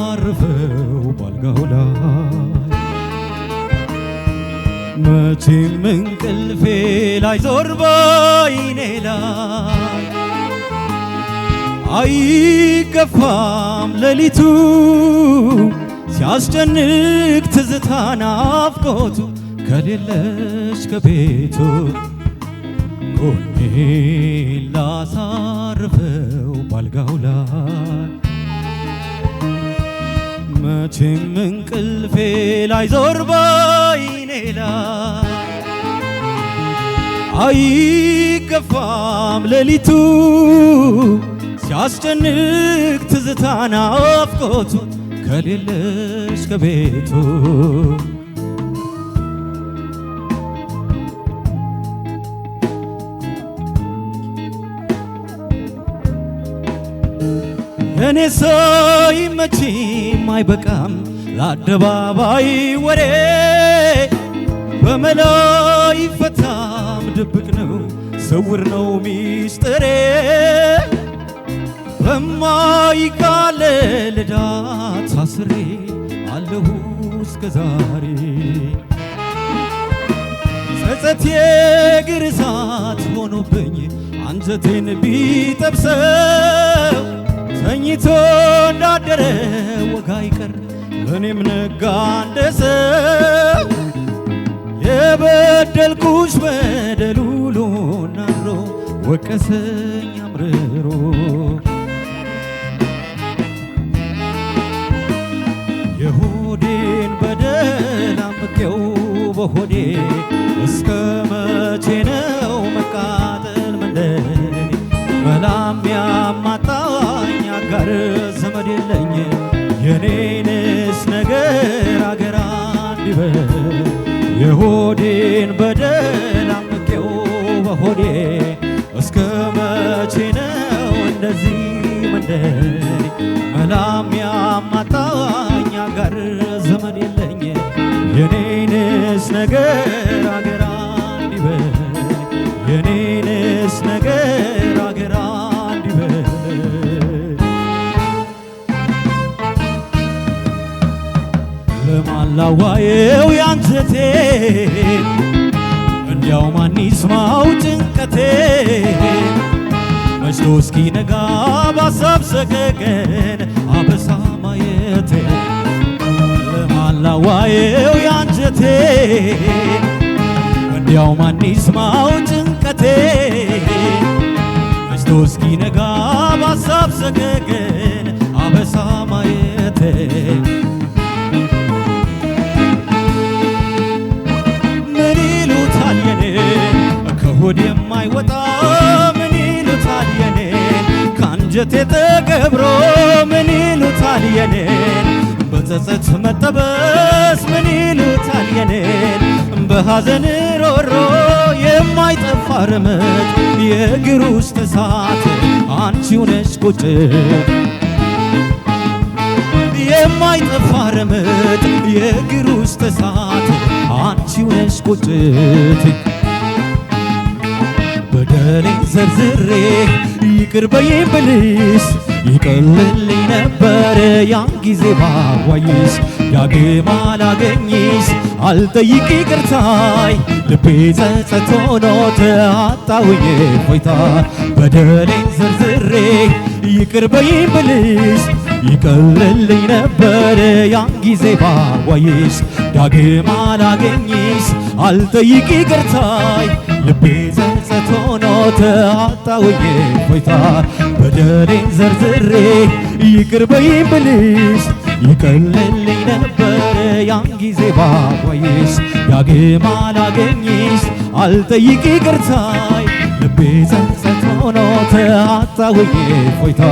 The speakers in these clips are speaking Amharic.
አርፈው ባልጋው ላይ መቼም እንቅልፌ ላይ ዞር ባይኔ ላይ አይገፋም ሌሊቱ ሲያስጨንቅ ትዝታ ናፍቆቱ ከሌለች ከቤቱ ጎኔ ላሳርፈው ባልጋው ላይ መቼም እንቅልፌ ላይዞር ባይኔ ላይ አይገፋም ሌሊቱ ሲያስጨንቅ ትዝታና አፍቆቱ ከሌለሽ ከቤቱ እኔ ሰይ መቼም አይበቃም ለአደባባይ ወሬ በመላ ይፈታም ድብቅ ነው ስውር ነው ሚስጥሬ በማይቃለ ልዳ ታስሬ አለሁ እስከ ዛሬ ጸጸት የግር እሳት ሆኖብኝ አንጀቴን ቢጠብሰው ተኝቶ እንዳደረ ወጋ ይቀር እኔም ነጋ እንደ ሰው የበደልኩሽ በደሉ ውሎና አድሮ ወቀሰኝ አምርሮ የሆዴን በደል አምቄው በሆዴ የሆዴን በደል አምቄው በሆዴ እስከ መቼ ነው እንደዚህ ምንድን መላም ያማጣኝ አጋር ዘመድ የለኝ የኔንስ ነገር አገራ እንዲበል የኔን ካላዋየው ያንተቴ እንዲያው ማን ይስማው ጭንቀቴ መሽቶ ነጋ ባሳብ ሰገገን አበሳ ማየቴ ለማላዋየው ያንጀቴ እንዲያው ማን ይስማው ጭንቀቴ መሽቶ እስኪነጋ ባሳብ ሰገገን የማይወጣ ምን ይሉታል የኔን ካንጀቴ ተገብሮ ምን ይሉታል የኔን በጸጸት መጠበስ ምን ይሉታል የኔን በሐዘን ሮሮ የማይጠፋ ርምት የእግር ውስጥ እሳት አንቺው ነሽ ቁጭ የማይጠፋ ርምት የእግር ውስጥ እሳት አንቺው ነሽ ቁጭት ዘርዝሬ ይቅር በይኝ ብልሽ ይቀልልኝ ነበረ ያን ጊዜ ባዋይሽ ዳግም አላገኝሽ አልጠይቅ ይቅርታይ ልቤ ጸጸት ሆኖ ተአጣውዬ ፎይታ በደሌን ዘርዝሬ ይቅር በይኝ ብልሽ ይቀልልኝ ነበረ ያን ጊዜ ባዋይሽ ዳግም አላገኝሽ አልጠይቅ ይቅርታይ ልቤ ጸጸት ሆኖ ተአጣውዬ ሆይታ በደሌን ዘርዝሬ ይቅር በይኝ ብልስ ይቀልልኝ ነበር ያን ጊዜ ባቆይስ ዳግም አላገኝስ አልጠይቅ ይቅርታይ ልቤ ጸጸት ሆኖ ተአጣውዬ ሆይታ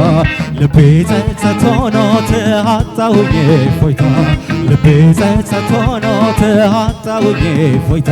ልቤ ጸጸት ሆኖ ተአጣውዬ ሆይታ ልቤ ጸጸት ሆኖ ተአጣውኝ ፎይታ